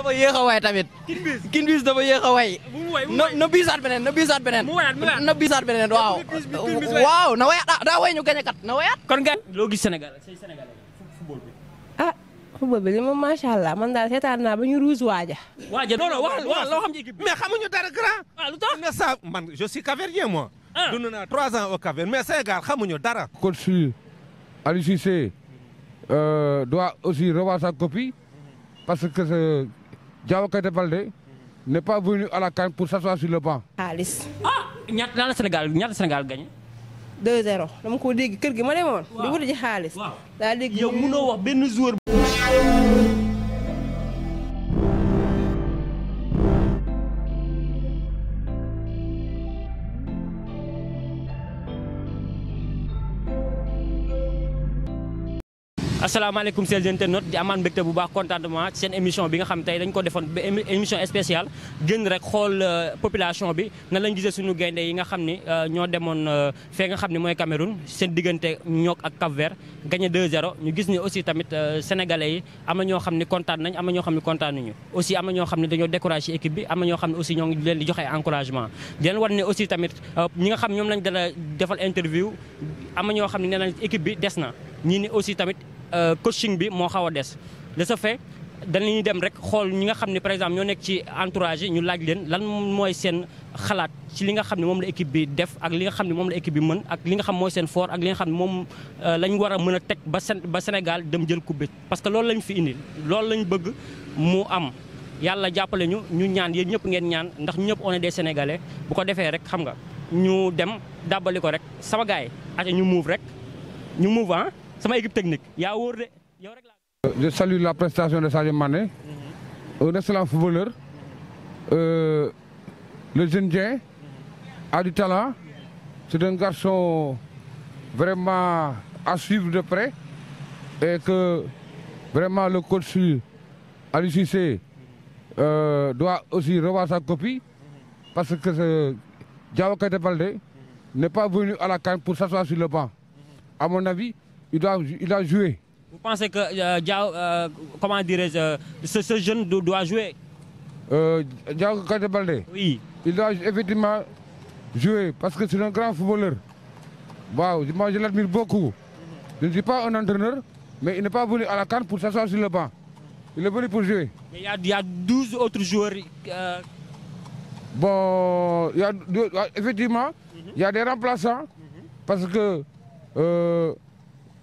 dafa yéex a way tamit. kin bis dafa yéex a way. na na biisaat beneen na biisaat beneen. na biisaat beneen waaw. waaw na wayaat ah daa way ñu gañe kat na wayaat. kon nga loo gis moom ah, macha allah man daal seetaan naa ba ñu waaja. waaja non non wax loo xam ci équipe mais dara grand. Ah, sa man je suis cavernien moi. Ah. dund naa trois ans au caverne mais Sénégal xamuñu dara. si Aliou Cissé euh, aussi revoir sa copie parce que. Euh, Diawa Kaïta Baldé n'est pas venu à la CAN pour s'asseoir sur le banc. xaalis. ah ñaata daal la Sénégal ñaata Sénégal gagné. 2-0 dama ko kër gi ma demoon. waaw di ji xaalis. waaw daal dégg yow wax benn joueur. asalaamaaleykum seen internautes di amaan mbégte bu baax contentement seen émission bi nga xam tey dañ ko defoon émission spéciale gën rek xool euh, population bi na lañ gisee suñu gaynde yi nga xam ni euh, ñoo demoon euh, fee nga xam ne mooy Cameroun seen diggante ñoog ak Cap-Vert gagné 2-0 ñu gis ni aussi tamit sénégalais yi am na ñoo xam ne kontaan nañ am na ñoo xam ne kontaan nañu aussi am na ñoo xam ne dañoo découragé équipe bi am na ñoo xam ne aussi ñoo ngi leen di joxe encouragement di leen wan tamit ñi xam ñoom lañ dala defal interview am na ñoo xam ne nee nañ équipe bi des na ñii ni aussi tamit Euh, coaching bi moo xaw a des de ce fait dañuy dem rek xool ñi nga xam ne par exemple ñoo nekk ci entourage ñu laaj leen lan mooy seen xalaat ci li nga xam ne moom la équipe bi def ak li nga xam ne moom la équipe bi mën ak li nga xam mooy seen fort ak li nga xam ne moom euh, lañ war a mën a teg ba Sénégal dem jël coupe parce que loolu lañ fi indi loolu lañ bëgg mu am yàlla jàppale ñu ñu ñaan yéen ñëpp ngeen ñaan ndax ñu ñëpp on est des bu ko defee rek xam nga ñu dem dàbbali ko rek sama sama équipe technique yaa wóor de je salue la prestation de Sadio Mané. Mhm. un footballeur. Mhm. Euh, le jeune Dieng mhm. a du talent. c'est un garçon vraiment à de près et que vraiment le coach Aliou Cissé euh, aussi revoir sa copie parce que ce Diao Keita Baldé n'est pas venu à la CAN pour sur le banc. À mon avis, il doit que euh, Diao euh, euh, jeune doit jouer. Diao Kate il doit effectivement jouer parce que c'est un grand footballeur. waaw moi je l'admire beaucoup. je ne suis pas un entraîneur mais il n'est pas venu à la CAN pour s'asseoir sur le banc. il est venu pour jouer. il y a douze autres joueurs. bon il y a effectivement. il y mhm. mhm. parce que.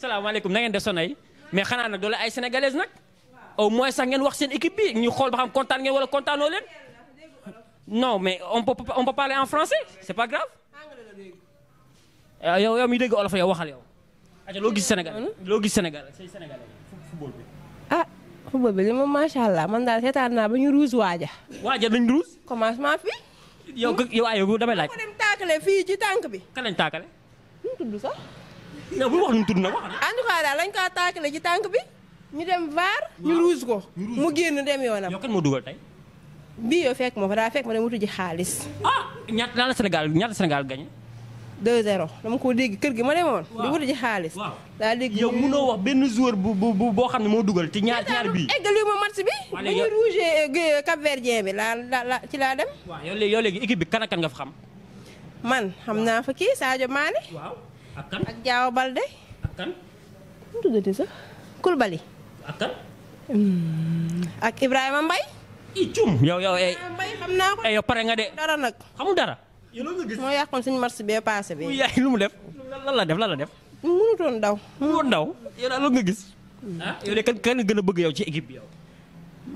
salaamaaleykum na ngeen def sonay mais xanaa nag doole ay sénégalaises nag au moins sax ngeen wax seen équipe bi xool ba xam kontaan ngeen wala kontaanoo leen non mais on peut en français c'est pas grave. yow yow mi dégg olof yow waxal yow. loo gis Sénégal loo gis Sénégal say sénégalais football bi. ah football ma macha allah man daal seetaan naa ba ñu ruus waaja. waaja dañ ruus. commencement fii. yow yow aywa damay laaj. ko dem taakale fii ci tànk bi. kan lañ taakale. yow bu wax nu mu tudd nag wax. daal lañ kaa taakale ci tànk bi ñu dem vaar. ñu ruus ko mu génn dem yoonam. yow kan moo dugal tey. bii yow fekk moo fa daa fekk ma dem wutu ji xaalis. ah ñaata daal la Sénégal ñaata Sénégal gagné. dama ko dégg kër gi ma demoon. di wutu ji xaalis. daal dégg yow munoo wax benn joueur bu bu boo xam ne moo dugal ci ñaar ñaar bii. eggali ma bi. waaw léegi bu ñu rouge Cap bi laa la ci laa dem. waaw yow léegi équipe bi kan nga fa xam. man xam naa fa kii Sadio Mané. waaw. ak kan ak Diao Balde. ak kan. nu mu tuddati sax Koulibaly. ak hmm. ak Ibrahima Mbaye. i cum yow yow eh. Mbaye xam naa ko eh, yow pare nga de. dara nag xamul dara. moo yàqoon suñu marché bee paase bi. yaay lu mu def lan la def lan la def. mënutoon daw. mënutoon daw yow daal loolu nga gis. Hmm. ah yow de kan kan gën a bëgg yow ci équipe bi yow.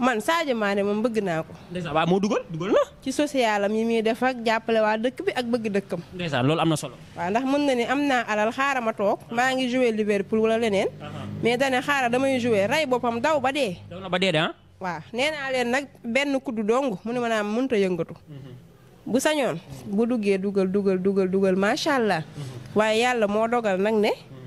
man Sadio Mané moom bëgg naa ko. ndeysaan waaw moo dugal dugal na. ci socialam yi muy def ak jàppale waa dëkk bi ak bëgg dëkkam. ndeysaan loolu am na solo. waa ndax mën na ni am naa alal xaaral ma toog maa ngi joué Liverpool wala leneen. mais dana xaaral damay joué rey boppam daw ba dee. daw na ba dee de ah. waaw nee naa leen nag benn kuddu dong mu ne ma naa mënut a yëngatu. Mhm. bu sañoon bu duggee dugal dugal dugal dugal macha allah. Mhm. waaye yàlla moo dogal nag ne. Mhm.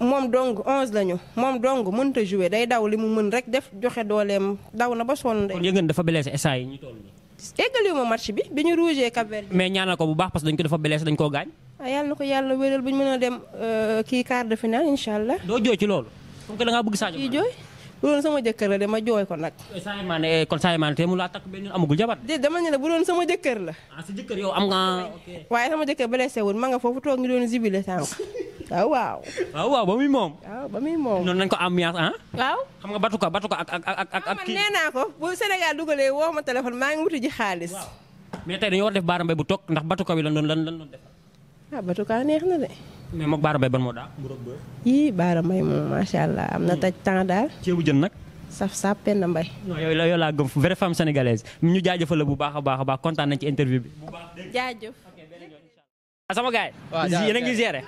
moom dong 11 lañu moom dong mënta jouer day daw li mu mën rek def joxe dooleem daw na ba sonn. kon yëngal dafa blessé instant yi ñu toll nii. eggaliwuma match bi bi ñu rougé Cap Vert. mais ñaanal ko bu baax parce que dañ ko dafa blessé dañ koo gaañ. Ah, yàlla na ko yàlla wéral bu ñu mën a dem euh, kii quart de finale incha allah. doo jooy ci loolu. comme que da ngaa bëgg Sadio. kii jooy. loolu sama jëkkër la de ma jooy ko nag. Eh, Sadio Mané eh, kon Sadio Mané te mu laa takk benn amagul jabar. déedéet dama ne la bu doon sama jëkkër la. ah sa jëkkër yow am nga. waaye sama jëkkër blessé wul ma nga foofu toog ngi doon zibile sànq. Ah, waaw waaw. Ah, waaw ba muy moom. waaw ah, ba muy moom. noonu nañ ko ambiance ah. waaw xam nga batuka batuka ak ak ak ak. kii nee naa ko bu Sénégal dugalee woo ma téléphone maa ngi wuti ji xaalis. mais tey dañoo war def baaraam bay bu toog ndax batuka bi lan doon lan lan doon def. ah batuka neex mais moog Baara Mbaye ban moo daa mburoog Baara Mbaye moom macha am na hmm. taj temps daal. ceebu jën nag. saf saf penn mbay. non yow la yow laa gëm vraie femme sénégalaise ñu jaajëfal la bu baax a baax a baax kontaan nañ ci interview bi. jaajëf. ah sama gars yi. yéen a ngi géré.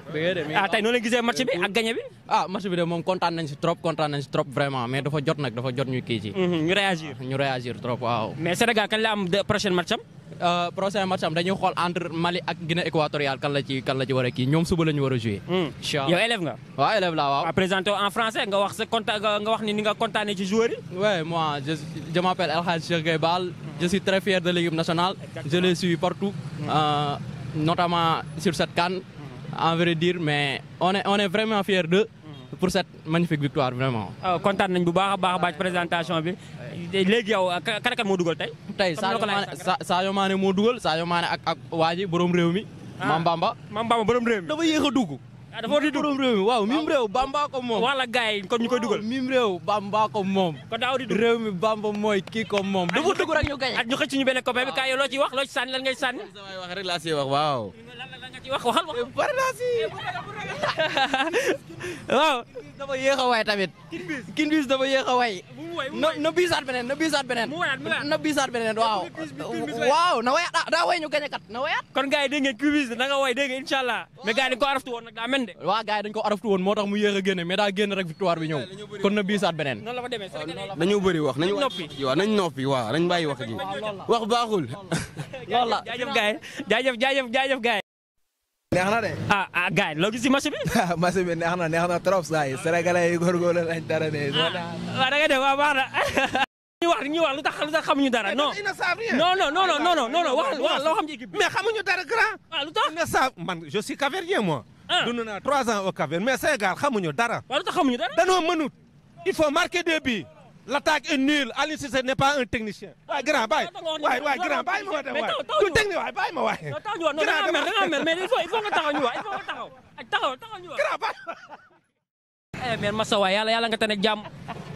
ah tey noo leen gisee match bi ak gagné bi. ah match bi de moom kontaan nañ si trop kontaan nañ si trop vraiment mais dafa jot nag dafa jot ñu kii ci. Mhm, ñu réagir ah, ñu réagir trop waaw. mais Sénégal kañ Euh, prochain match am dañuy xool entre Mali ak Guinée équatoriale kan la ci kan la ci war a kii ñoom suba la ñu war a joué. Hmm. incha élève nga. waaw élève laa waaw. Ah, présenté en français nga wax ni ni nga kontaanee ci joueur yi. moi je je m' appelle El Hadj Cheikh je suis très fier de l' équipe je les suis partout. Hmm. Euh, notamment sur cette hmm. en vrai dire mais on est vraiment fier d'eux. pour cette magnifique victoire vraiment. Euh, kontaan nañ bu baax a baax baax présentation bi léegi yow kan kan moo dugal tey. tey Sadio Mané moo dugal Sadio Mané ak ak waa ji borom réew mi. Ah, Mam Bamba Mam Bamba borom réew mi. dafa yéex a dugg. Ah, dafa war di dugg borom réew mi waaw mim ah. réew Bamba ko wala gars yi kon ñu koy dugal waaw mim réew Bamba ko moom. kon daaw di dugg réew mi Bamba mooy kii ko moom. dafa dugg rek ñu gañ ak ñu xëcc ñu benn copain bi kaay yow loo ciy wax loo ci sànni lan ngay sànni. waaw ci wax waxal wax. Eh, eh, a waay tamit. kin bis a waay. na biisaat na na biisaat beneen waaw. waaw na wayaat daa way ñu gañ a kat na wayaat. kon gars yi dégg ngeen kin bis da nga way dégg ngeen incha allah. mais gars yi dañu ko araftu woon nag daa mel de. waaw gars yi dañu ko araftu woon moo tax mu yéex a génne mais daa génn rek victoire bi ñëw kon na biisaat beneen. noonu la ko demee dañoo noppi waaw nañu noppi waaw wax ji wax baaxul. loolu la jaajëf gars yi neex na de. ah ah gars yi loo gis ci match bi. Ah, match bi neex na neex na trop saa yi sénégalais yi góorgóorlu lañ dara de. Ah, waaw da nga def waaw baax na. ñu wax ñu wax lu tax lu tax xamuñu dara non eh, non non non non non non wax wax loo xam ci équipe bi. mais xamuñu dara grand. waaw ah, lu tax ne sa man je suis caverdien moi. dund naa trois ans au Cap-Vert mais Sénégal xamuñu dara. waaw lu tax xamuñu dara. danoo mënut il faut marquer des buts. L'attaque est nulle. Aliou Cissé n'est pas un technicien. waaye waaye waaye grand bàyyi ma waay waay du technique waay bàyyi ma waay. non da ngaa mel mais il faut il faut nga taxaw ñu waay il faut nga taxaw taxaw taxaw ñu waay. grand bàyyi. Eh, mais Massa waay yàlla yàlla nga tane jàmm.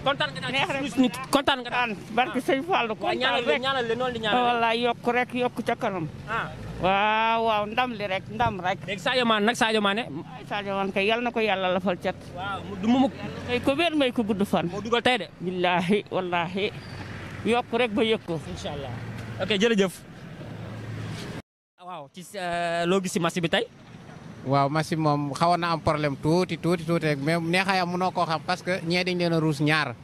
kontaan nga daal suñu kontaan nga daal. barke Sëñ Fall kontaan rek di ñaanal. voilà yokk rek yokk ca kanam. Ah. waaw waaw ndam li rek ndam rek. léegi Sadio Mané nag Sadio Mané. Sadio Mané kay yal na ko yàlla lafal cat. waaw du mu. may ko wér may ko gudd fan. moo dugal tey de. billaahi wallaahi yokk rek ba yëg ko. incha allah ok jërëjëf. a ci euh, loo gis si match bi tey. waaw match bi moom xawoon am problème tuuti tuuti rek mais neexaayam mënoo koo xam parce que ñee dañ leen a ruus ñaar.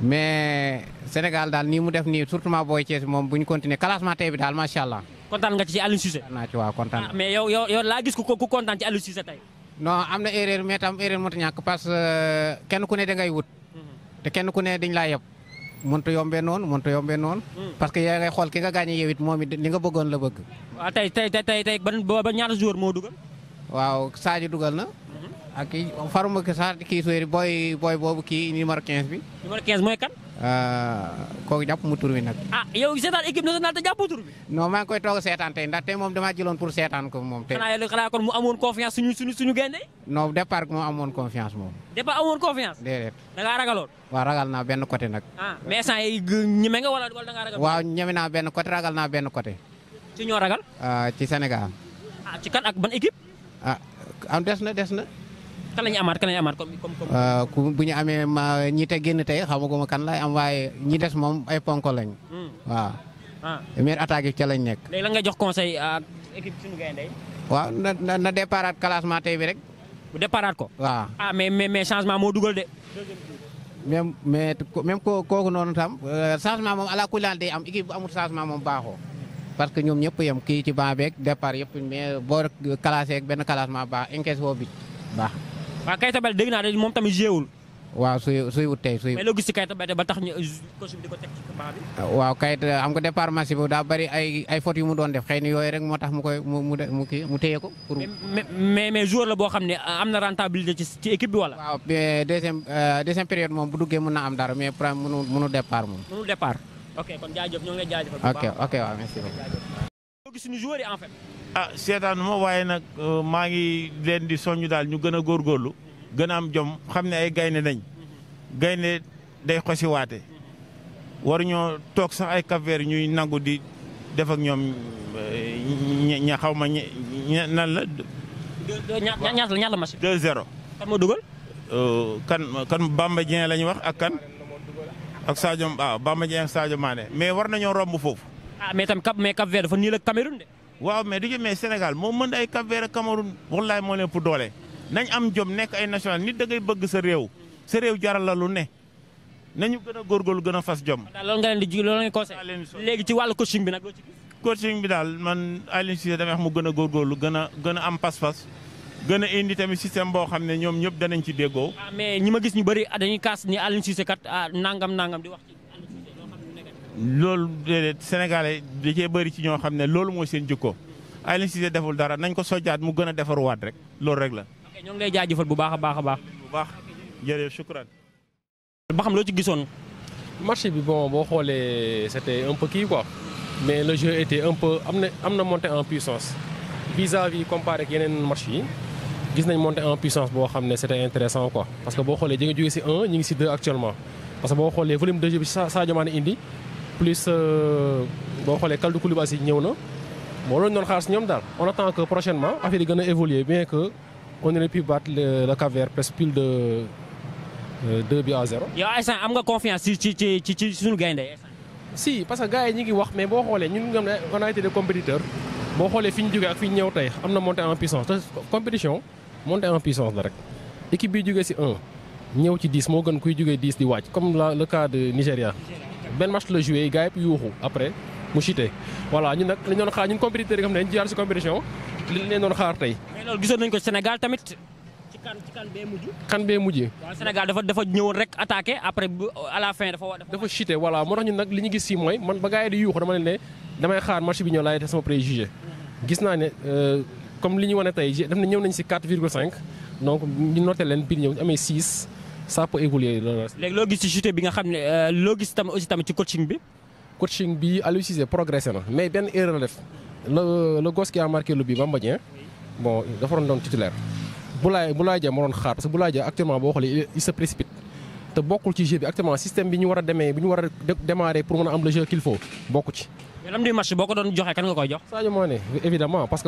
mais Sénégal daal nii mu def nii surtout ma booy Thiès moom bu ñu continuer classement tey bi daal macha allah. kontaan nga ci Aliou Cissé. naa ci waaw kontaan ah, mais yow yow yow laa gis ku ku kontaan ci Aliou Cissé tey. non am na erreur mais tam erreur mënut a ñàkk parce euh, kenn ku ne dangay wut. Mhm. te kenn ku ne dañ laa yeb. mënut a yombee noonu mënut a yombee noonu. Mhm. parce que ngay xool ki nga gaañee yow moom it li nga bëggoon la bëgg. waaw ah, tey tey tey tey ba ba ñaata joueur moo dugal. waaw Sadio dugal na. Mhm. ak faruma ki sax kii sori booy booy boobu kii numéro 15 bi. mooy kan. Ah, kooku jàpp mu tur bi nag. ah yow seetaan équipe nationale te jàppoo tur bi. non maa ngi koy toog seetaan tey ndax tey moom damaa jëloon pour seetaan ko moom. tey xanaa xanaa kon mu amoon confiance suñu suñu suñu gaynde. non départ moom amoon confiance moom. départ amoon confiance. ragaloon. waaw ragal naa benn côté nag. ah mais instant yii ñeme nga wala wala da ngaa ragal. waaw ñeme naa benn côté ragal naa benn côté. ci ñoo ragal. Ah, ci Sénégal. ah ci kan ak ban équipe. am ah, des na des na. kan la ñu amaat kan la ñu amaat comme comme. Ah, amee ma génn tey xamaguma kan lay am waaye ñi des moom ay ponko lañ. Hmm. waaw. ah mais attaque nekk. jox conseil waaw na na déparaat classement tey bi rek. bu déparaat ko. waaw ah mais mais mais changement moo dugal de. même mais kooku noonu tam euh, changement moom ala kulli day am équipe bu amul changement moom baaxoo. parce que ñoom ñëpp yam kii ci banc beeg départ yëpp mais boo classé ak benn baax encaisse boo bit baax. waaw Keita Baldé dégg naa de moom tamit jéewul. waaw suy suy ut tey suy. mais loo gis ba tax ñu waaw Keita xam nga départ match bi daa bari ay ay fautes yu mu doon def xëy na yooyu rek moo tax mu koy mu mu mu mu téye ko. pour mais mais joueur la boo xam ne am na rentabilité ci ci équipe bi wala. waaw deuxième euh, deuxième période moom bu duggee mën naa am dara mais problème mënu mënu moom. mënu départ. ok kon ok waaw merci beaucoup. boo suñu joueur yi en fait. ah seetaanuma waaye nag euh, maa ngi leen di soññ daal ñu gën a góorgóorlu gën a am jom xam ne ay gaynde nañ gaynde day xosiwaate waruñoo toog sax ay Cap-Vert ñuy nangu di def ak ñoom euh, ña xaw ma ña nan la. ñaata la ñaata la match. 2 kan moo dugal. Euh, kan kan Bamba lañu wax ak kan ak Sadio ah Bamba Dieng ak Sadio Mané mais war nañoo romb foofu. ah mais tam Cap mais Cap Vert dafa nii la Cameroun de. waaw mais du ñu mais Sénégal moo mën ay Cap Vert ak Cameroun moo leen pour doole nañ am jom nekk ay national nit da bëgg sa réew sa réew jaral la lu ne nañu gën a góorgóorlu gën a fas jom. daal loolu nga leen di ji loolu nga conseil léegi ci wàllu coaching bi nag loo ci bi daal man Aliou Cissé damay wax mu gën a lu gën a gën am pas-pas gën a indi tamit système boo xam ne ñoom ñëpp danañ ci déggoo. ah mais ñi ma gis ñu bëri ah, dañuy kaas ni Aliou Cissé kat ah, nangam nangam di wax loolu déedéet sénégalais da cee bëri ci ñoo xam ne loolu mooy seen jikko Aliou Cissé deful dara nañ ko sojjaat mu gën a defaruwaat rek loolu rek la. ñoo ngi lay jaajëfal bu baax a baax a baax. bu baax jërëjëf shukran. ba xam loo ci gisoon. match bi bon boo xoolee c'était un peu kii quoi mais le jeu était am na am na monté en puissance vis-à-vis comparé ak yeneen match gis nañ monté en puissance boo xam ne c'était intéressant quoi parce que boo xoolee jege jógee ci 1 ñu ngi ci 2 actuellement parce que boo xoolee volume de plus euh, boo xoolee Kalidou Koulibaly ñëw na moo loolu doon xaalis ñoom daal on attend que prochainement affaire yi gën a évoluer bien que on aurait pu battre le presque pile de 2 euh, bi à 0. yow instant am nga confiance ci ci ci ci suñu gaynde si parce que gars yi ngi wax mais boo xoolee ñu ngi am on a été des compétiteurs boo xoolee fi ñu jógee ak fi ñu ñëw tey am na montée en puissance te compétition montée en puissance la rek équipe bi jógee si 1 ñëw ci 10 moo gën kuy jógee 10 di wàcc comme la le cas de Nigéria. benn match la joué gars yëpp yuuxu après mu chuté voilà ñun nag li ñu doon xaar ñun compétiteur yi nga xam ne dañu jaar si compétition li leen doon rek attaqué après à la fin dafa. dafa chuté voilà moo tax ñun nag li ñu gis si mooy man ba gars yi di yuuxu dama ne damay gis naa ne euh, comme li ñu wane tey def na ñëw nañ si 4 virgule 5 donc ñu noté leen biir ñëw amee 6. ça peut évoluer loolu. loo gis ci chute bi nga xam ne euh, loo gis tam aussi tamit ci coaching bi. coaching bi Aliou Cissé na mais benn erreur la def le le a marqué le but Bamba Dieng bon dafa doon doon titulaire. Boulaye Boulaye Dia doon xaar parce que Boulaye Dia actuellement boo xoolee il se précipite te bokkul ci jeu bi actuellement système bi ñu war demee bi ñu war a pour mën a am le jeu qu'il faut bokku ci. mais doon joxe kan nga koy jox. Sadio Mané évidemment parce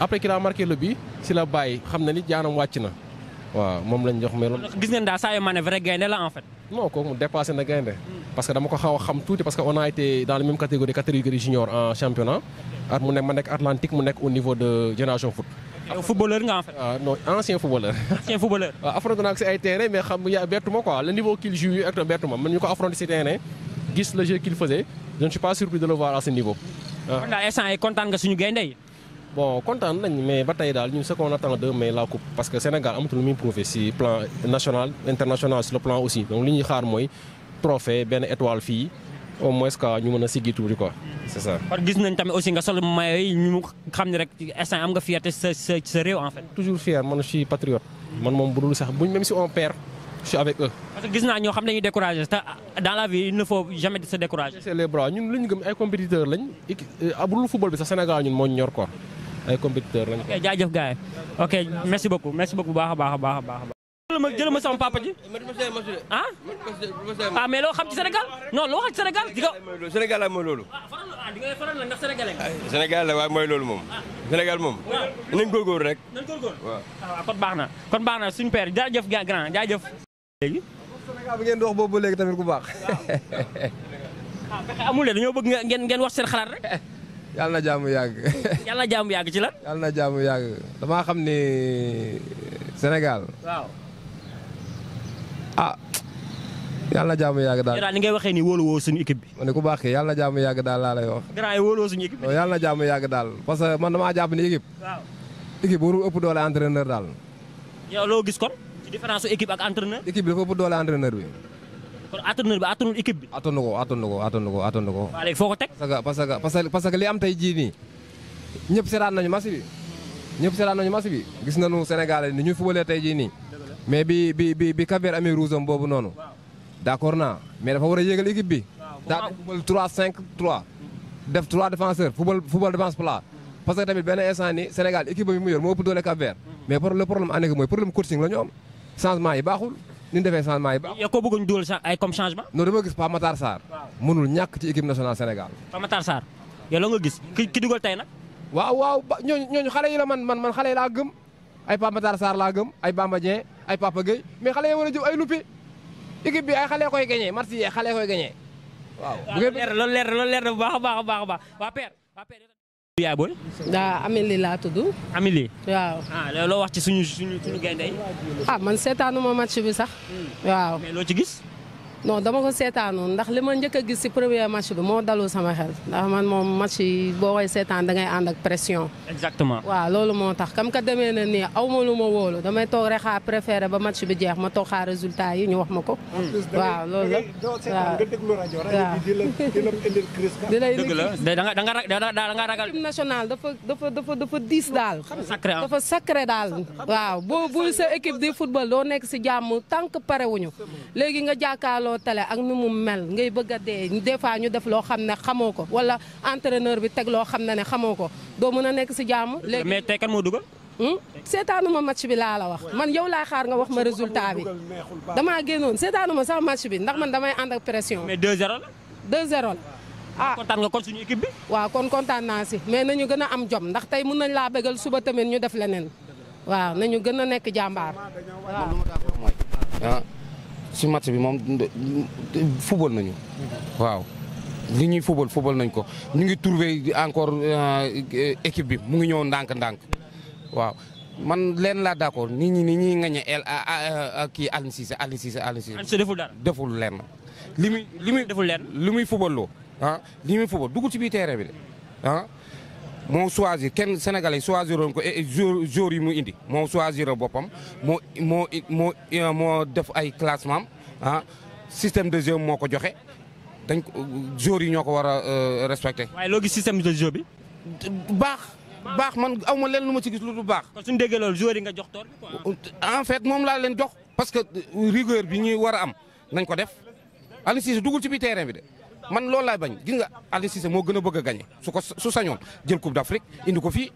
après qu'il a marqué le la bàyyi xam na ni jaanam wàcc na waaw moom lañ jox meloon. gis ngeen daal saa yu ne vrai gaynde la en fait. kooku mu dépassé na gaynde parce que dama ko xaw xam tuuti parce que on a été dans la même catégorie catégorie junior en championnat. at mu nekk ma nekk Atlantique mu nekk au niveau de Génération Foot. footballeur nga en fait. ah footballeur. ancien footballeur. waaw ah, naa ko si ay terrain mais xam ya ah. kontaan nga suñu gaynde bon kontaan nañ mais ba tey daal ñun ce qu'on attend d'eux mais la coupe parce que Sénégal amatul lu muy prouvé si plan national international sur le plan aussi donc li au moins que ñu mën a siggi tuuti quoi gis nañ tamit aussi nga sol maillot yi ñu xam ne rek instant am nga sa réew en fait. toujours fier man je suis man moom bu dul sax buñ même si on perd je avec gis naa ñoo xam ne dañuy découragé te dans la vie ne faut jamais se décourager. ñun li ñu gëm ay compétiteurs lañ. Euh, ah, bu dul football bi sax Sénégal ñun moo ñor ko ay compétiteur lañ ko. ok jaajëf gars yi ok merci beaucoup merci beaucoup baax a baax a baax a baax. jëlal ma jëlal ma sama papa ji. ah. ah mais loo xam ci Sénégal non loo xam ci Sénégal di ko. Sénégal la mooy loolu. Ah, ah di nga faral la ndax Sénégalais nga. Sénégal la waaye mooy loolu moom. Ah. Sénégal moom. waaw nañ góorgóorlu rek. nañ góorgóorlu waaw. waaw ah, kon baax na kon baax na suñu père jaajëf gars grand jaajëf. léegi. Sénégal bi ngeen di wax boobu ba léegi tamit ku baax. ah fexe amul de dañoo bëgg ngeen ngeen wax seen xalaat rek. yàlla na jàmm yàgg. yàlla na yàgg ci la yàlla na jaam yàgg damaa xam ni Sénégal. waaw. ah. yàlla na jàmm yàgg daal gannaaw ni ngay waxee ni wóolu woo suñu équipe bi. ma ne ku baax kii yàlla na jàmm yàgg daal laa lay wax. gannaaw yi bi. yàlla na jàmm yàgg daal parce que man damaa jàpp ni équipe. waaw équipe warul ëpp doole entraîneur daal. yow loo gis kon ci différence su équipe ak entraîneur. équipe dafa ëpp doole entraîneur bi. kon attanul bi attanul équipe bi. attanu ko attanu ko li am tey ñëpp seetaan nañu bi ñëpp seetaan nañu match bi gis ni ñu fubalee tey jii nii mais bi bi bi bi Cap Vert amee boobu noonu d'accord naa mais dafa war a yéegal équipe bi. fubal 3 5 3. def 3 défenseurs fubal fubal défense plat. tamit benn instant ni Sénégal équipe bi moo ëpp doole Cap Vert mm. le problème en est que mooy problème coaching la ñu yi baaxul. ni ñu defee changement yi baax. yow ko bëgguñ dugal ay comme changement. non dama gis Pape Matar Sarr. mënul ñàkk ci équipe nationale Sénégal. Pape Matar Sarr yow la nga gis ki ki dugal tey nag. waaw waaw ba ñooñu ñooñu xale yi la man man man xale yi laa gëm ay Pape laa gëm ay Bamba ay Papa Gueye mais xale yi war a ay lupi équipe bi ay xale koy gagné match yi ay xale koy gagné a a yaa booy. daa Amélie laa tudd. Amélie. waaw ah loo wax ci suñu suñu suñu gaynde yi. ah man seetaanuma match bi sax. Hmm. waaw loo ci gis. non dama ko seetaanoon ndax li ma njëkk gis si premier match bi moo dalul sama xel ndax man moom match boo koy seetaan da ngay ànd ak pression. exactement waaw loolu moo tax kam ka demee na nii aw ma lu ma wóolu damay toog rek xaar préféré ba match bi jeex ma toog xaa résultat yi ñu wax ma ko. waaw loolu la waaw da da nga ragal. équipe nationale dafa dafa dafa dafa diis daal. Ah. dafa sacré daal. waaw boo bu sa équipe di football doo nekk si jàmm tant que pare wuñu léegi nga jàkkaarloo seetaanoo télé ak nu mu mel ngay bëgg a dee des fois ñu def loo xam ne xamoo ko wala entraîneur bi teg loo xam ne ne xamoo ko doo mën a nekk si jàmm. léegi mais tey kan moo dugal. Hmm? seetaanuma match bi laa la wax man yow laa xaar wax ma résultat bi damaa génnoon seetaanuma sax match bi ndax man damay ànd ak pression. mais 2-0 la. 2-0 la. ah kontaan nga kon bi. waaw kon kontaan naa si mais nañu gën a am jom ndax tey mun nañ laa bégal suba tamit ñu def leneen waaw nañu gën a nekk jàmbaar si match bi moom football nañu waaw li ñuy football football nañ ko ñu ngi trouvé encore euh, équipe bi mu ngi ñëw ndànk-ndànk waaw man leen laa d'accord nit ñi ni ñuy ŋaññe el kii Aliou Cissé Aliou Cissé Aliou Cissé deful dara deful lenn li muy li muy deful lenn li muy football loo ah, li muy football dugul ci biir terrain bi de ah moo choisir kenn sénégalais choisiroon ko eh, jour jour yi mu indi moo choisir boppam moo moo moo eh, moo def ay classement ah système de jeu moo ko joxe dañ ko jour yi ñoo ko war a euh, respecté. waaye loo gis système de jeu bi. baax. baax man aw ma leen lu ma ci gis lu du baax. kon suñu déggee loolu joueur yi nga jox toor en fait moom laa leen jox. parce que euh, rigueur bi ñuy war a am dañ ko def Aliou Cissé dugul ci biir terrain bi de. man loolu laay bañ gis nga Aliou moo gën a bëgg a su ko su sañoon jël coupe d'Afrique indi ko fii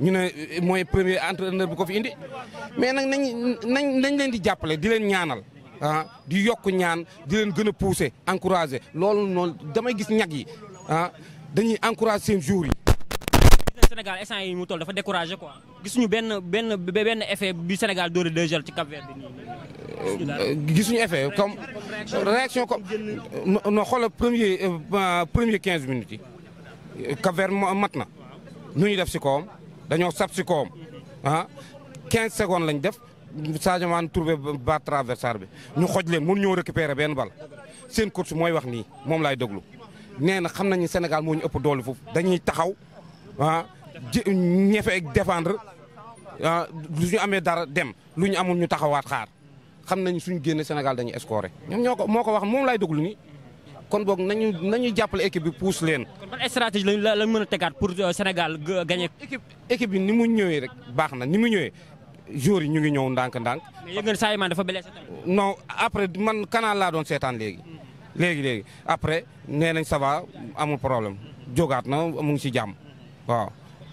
ñu ne eh, mooy premier entraîneur bu ko fi indi mais nag nañ nañ nañ leen di jàppale di leen ñaanal ah di yokk ñaan di leen gën a pousser encourager loolu noonu damay gis ñag yi ah dañuy encourager seen jour yi. Sénégal instant yi mu toll dafa découragé quoi. gisuñu benn benn benn effet bi Sénégal dóore deux jël ci Cap Vert bi. Euh, gisuñu effet comme réaction ko non xoolal premier euh, euh, premier quinze minutes yi Cap Vert mat na nu ñu def si kawam dañoo sab si kawam ah quinze secondes lañ def Sadio Mané trouvé ba bi ñu xoj leen mën ñoo récupérer benn bal seen course mooy wax nii moom laay déglu nee na xam nañu Sénégal moo ñu ëpp doole foofu dañuy taxaw ah, ñefe défendre ah lu ñu amee dara dem lu ñu amul ñu taxawaat xaar xam nañ suñ génne Sénégal dañuy escoré ñoom ñoo ko moo ko wax moom laay déglu ni kon boog nañu nañu jàppale équipe bi pousse leen. kon ban stratégie lañ mën a tegaat pour euh, Sénégal gagné. équipe équipe bi ni mu ñëwee rek baax na ni mu ñëwee joueurs yi ñu ngi ñëw ndànk-ndànk. mais yëngal saa man dafa blessé non après man canal laa doon seetaan léegi. léegi léegi après nee nañ saba amul problème jógaat na mu ngi ci jàmm waaw.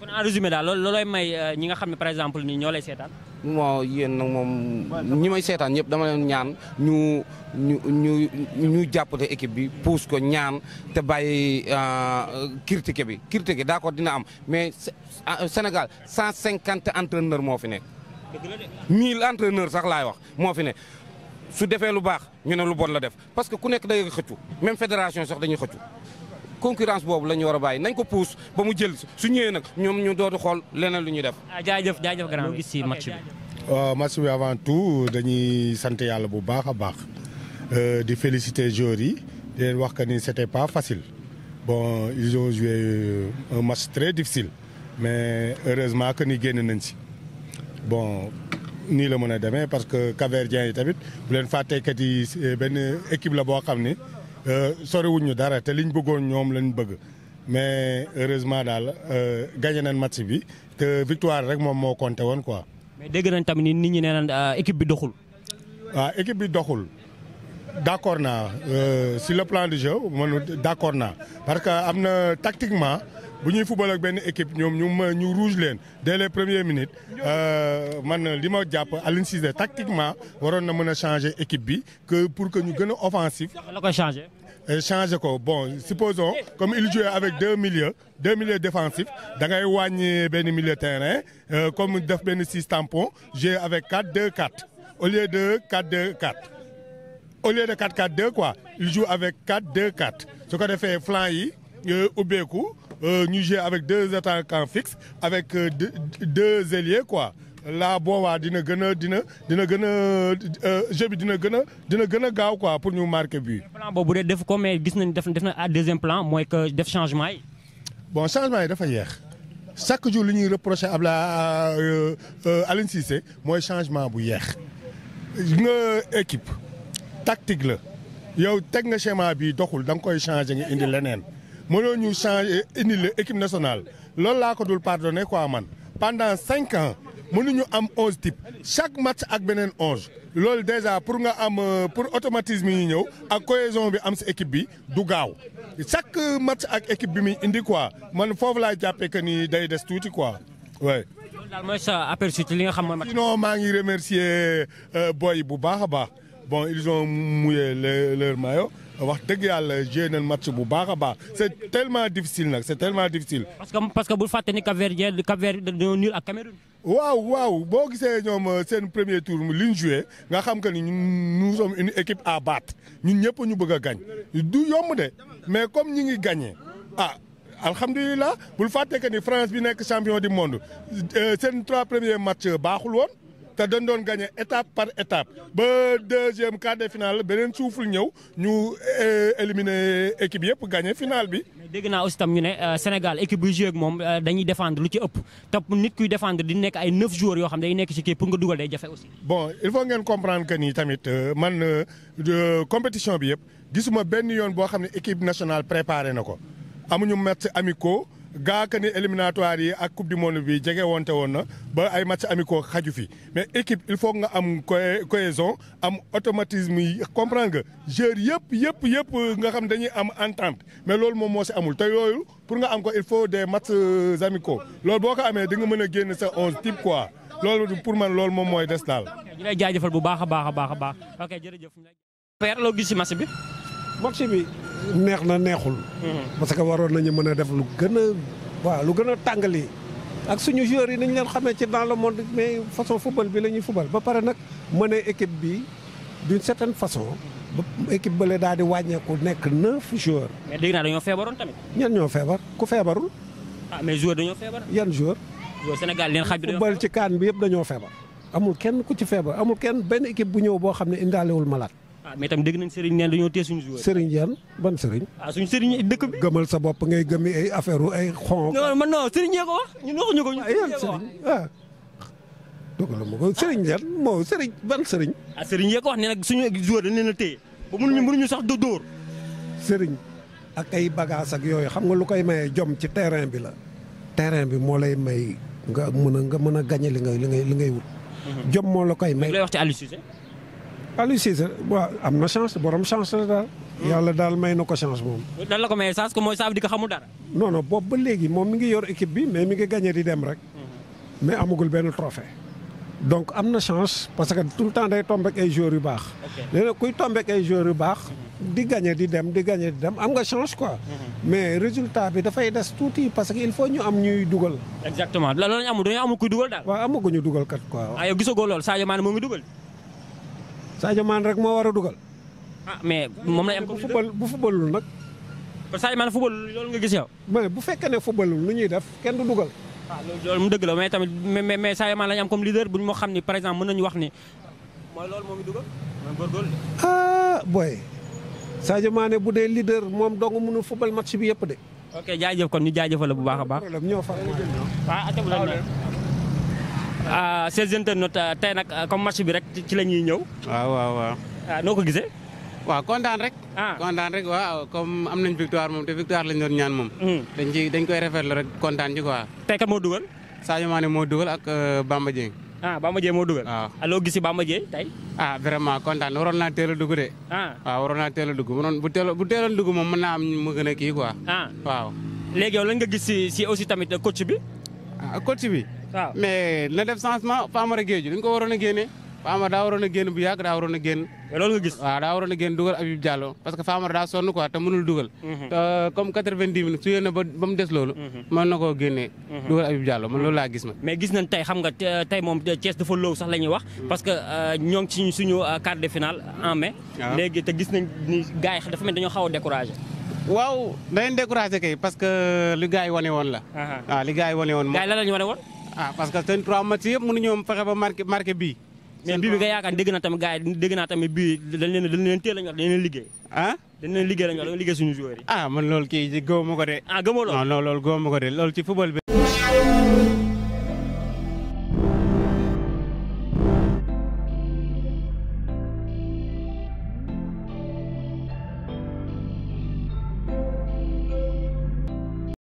en résumé daal loolu loolooy may euh, ñi nga xam ne par exemple nii ñoo lay seetaan. bon yéen nag moom ñi may seetaan ñëpp dama leen ñaan ñu ñu ñu ñu équipe bi pousse ko ñaan te bàyyi euh, critique bi critique d'accord dina am mais ah, Sénégal 150 entraîneurs moo fi nekk. dëgg la de sax laay wax moo fi nekk su defee lu baax ñu ne lu bon la def parce que ku nekk day xëccu même fédération sax dañuy xëccu. concurrence boobu la ñu war a bàyyi nañ ko puus ba mu jël su ñëwee nag ñoom ñu dootu xool leneen lu ñuy def. ah jaajëf jaajëf grand gis si match bi. waaw match bi avant tout dañuy sant yàlla bu baax a baax euh, di féliciter joueurs yi di leen wax que ni c'était pas facile bon ils ont joué euh, un match très difficile mais heureusement que ni génn nañ si bon. nii la mën a demee parce que Cap-Verdiens yi tamit bu leen fàtteekat yi euh, benn équipe la boo xam ni Euh, soriwuñ ñu dara te liñ bëggoon ñoom lañ bëgg mais heureusement daal euh, gagné nañ match bi te victoire rek moom moo compté woon quoi. mais dégg nañ tamit nit ñi nee naan euh, équipe bi doxul. waaw ah, équipe bi doxul d' accord naa si le plan du jeu man d' accord naa parce que am na tactiquement. bu ñuy football ak benn équipe ñoom ñu ma ñu rouge leen dès les premières minutes euh, man li ma jàpp Aliou Cissé tactiquement waroon na mën a changé équipe bi que pour que ñu gën a offensif. la changé euh, changer. ko bon supposons comme il jouait avec deux milieux deux milieux défensifs da ngay wàññi benn milieu terrain euh, comme def benn six tampon jouer avec quatre deux quatre au lieu de quatre deux quatre. au lieu de 4-4-2 quoi il joue avec 4-2-4 su ko defee flanc yi ubbeeku. Euh, ñu jouer avec deux attaquants fixes avec euh, deux deux ailiers quoi là boobaa dina gën a dina dina gën a euh, jeu bi dina gën a dina gën a gaaw quoi pour ñu marquer bi plan boobu de def ko mais gis nañ def na à deuxième plan mooy que def changement yi. bon changement yi dafa yeex chaque jour li ñuy reproché Abdoulaye Aliou Cissé mooy changement bu yeex nga équipe tactique la yow teg nga schéma bi doxul da koy changé nga indi leneen. mënoo ñu changer indi la équipe nationale loolu laa ko dul pardonné quoi man pendant cinq ans mënuñu am onze types chaque match ak beneen onze loolu déjà pour nga am euh, pour automatisme yi ñëw ak cohésion bi am si équipe bi du gaaw chaque match ak équipe bi muy indi quoi man foofu laay jàppee que ni day des tuuti quoi oui. daal mooy sa li nga xam mooy. sinon maa ngi remercier euh, boy bu baax a baax bon ils ont mouillé leur maillot. wax dëgg yàlla joué nañ match bu baax a baax c' est tellement difficile nag c' est tellement difficile. parce que que bul fàtte ni Cap-Vert Cap-Vert ak Cameroun. waaw waaw boo gisee ñoom euh, seen premier tour li ñu nga xam que ni ñu nous sommes une équipe à battre ñun ñëpp ñu bëgg a gañ du yomb de mais comme ñi ngi gagné ah. alhamdulilah bul fàtte que ni France bi nekk champion du monde euh, seen trois premiers matchs baaxul woon. te dañ doon gagné étape par étape ba deuxième quart de finale beneen suuful ñëw ñu eh, éliminer équipe yëpp gagné finale bi. dégg naa aussi tam ñu ne euh, Sénégal équipe bu joué moom euh, dañuy défendre lu ci ëpp te nit kuy défendre di nekk ay neuf joueurs yoo xam day nekk ci kii pour nga dugal day jafe aussi. bon il faut ngeen comprendre que ni tamit euh, man compétition bi yëpp suma benn yoon boo xam ne équipe national préparé na ko amuñu match ko gaaka ni éliminatoire yi ak coupe du monde bi jege wonte woon na ba ay match amicaux xaju fi mais équipe il faut nga am cohésion am automatisme yi comprendre nga joueurs yëpp yëpp yëpp nga xam dañuy am entente mais loolu moom moo si amul te yooyu pour nga am ko il faut des matchs euh, amicaux loolu boo ko amee di nga mën a génn sa onze type quoi loolu pour man loolu moom mooy des daal. ñu lay jaajëfal bu baax a baax a baax a baax ok jërëjëf. père loo gis si match bi. match bi. neex na neexul. Mm-hmm. parce que waroon nañu mën a def lu gën a waaw lu gën a tàngali ak suñu joueurs yi nañu leen xamee ci dans le monde mais façon football bi la ñuy football ba pare nag mën a équipe bi d'une certaine façon. ba équipe bële daal di wàññeeku nekk neuf joueurs. mais dégg naa dañoo feebaroon tamit. ñan ñoo feebar ku feebarul. ah mais joueurs dañoo feebar. yan joueurs. joueurs Sénégal leen xaj bi football ci kaan bi yëpp dañoo feebar. amul kenn ku ci feebar amul kenn benn équipe bu ñëw boo xam ne indaalewul malade. ah mais tam dégg nañ sëriñ neen dañoo téye suñu joueur. sëriñ yan ban sëriñ. ah suñu sëriñ dëkk gëmal sa bopp ngay gëmi ay affaire ay xonk. non man non sëriñ yee ko wax ñun waxuñu ko. ah yan sëriñ sëriñ yan moo sëriñ ban sëriñ. ah sëriñ yee ko wax ne nag suñu joueur dañ mënuñu sax do dóor. sëriñ ak ay bagaas ak yooyu xam nga lu koy maye jom ci terrain bi la. terrain bi moo lay may nga mën nga mën a gañe li ngay li ngay wut. Mhm. jom moo la koy may. Aliou Cissé am na chance borom chance la daal. yàlla daal may na ko chance moom. lan la ko may chance ko mooy saa di ko xamul dara. non non ba léegi moom mi ngi yor équipe bi mais mi ngi gagné di dem rek. mais am na chance parce que tout le temps day tombe yu baax. léegi kuy tombe yu baax. di gagné di dem di gagné di dem am nga chance quoi. Mhm. mais résultat bi dafay des tuuti parce que il faut ñu am ñuy dugal. exactement da la ñu amul dañoo amul kuy dugal daal. waaw amaguñu dugal kat quoi. ah yow gisagoo loolu Sadio Mané moo ngi dugal. Sadio Mané rek moo war a dugal. ah mais moom la am bu football bu footballul nag. kon Sadio Mané loolu nga gis yow. mais bu fekkee ne footballul lu ñuy def kenn du dugal. waaw ah, mu dëgg la mais tamit mais mais Sadio Mané lañu am comme leader bu ñu moo xam ni par exemple mën nañu wax ni. mooy loolu moom i booy ah, Sadio bu dee leader moom doo dong mënul football match bi yëpp de. ok kon ñu jaajëfal la bu baax a baax. problème ñoo faral ah, di Ah, ses internautes ah, tey nag ah, comme match bi rek ci la ñuy ñëw. waaw waaw waaw. noo ko gise waaw kontaan rek. kontaan rek waaw comme am nañ victoire moom te victoire lañ doon ñaan moom. Hmm. dañ ci dañ koy rafetlu rek kontaan ji quoi. tey kat moo dugal. Sadio Mané moo dugal ak euh, Bamba Dieng. ah Bamba Dieng moo dugal. waaw allo gis si Bamba Dieng tey. ah vraiment kontaan waroon naa teel a dugg de. waaw waroon naa teel bu teel bu teeloon moom mën naa am mu gën a kii quoi. waaw. léegi yow lan nga gis si si aussi tamit coach bi. ah coach bi. waaw mais na def changement Famara Gueye dañ ko waroon a génne Famara daa waroon a génn bu yàgg daa waroon a génn. loolu nga gis waaw daa waroon a génn dugal Habib Diallo parce que Famara daa sonn quoi te mënul dugal. Mhm. te comme 90 minutes su yéen a ba ba mu des loolu. Mhm. mën na koo génnee. Mhm. dugal Habib Diallo man loolu laa gis ma. mais gis nañ tey xam nga tey moom Thiès dafa low sax la ñuy wax. parce que euh, ñoo ngi ci suñu euh, quart de finale en mai. Ah. léegi te gis nañ ni gars yi dafa mel dañoo xaw a découragé. waaw da leen découragé kay parce que li gars yi wane woon la. waaw ah, li gars yi wane woon moom. gars yi lan la ñu wane woon. ah parce que seen trois matchs yëpp mënuñoo fexe ba marqué bii. mais bii bi nga yaakaar dégg na tamit gars yi dégg naa tamit bii dañ leen dañ leen teel a ñor dañ leen liggéey. ah la ñor dañ leen liggéey suñu joueurs yi. ah man loolu kii gëmuma ko de. ah gëmoo loolu non non ko de loolu ci football bi.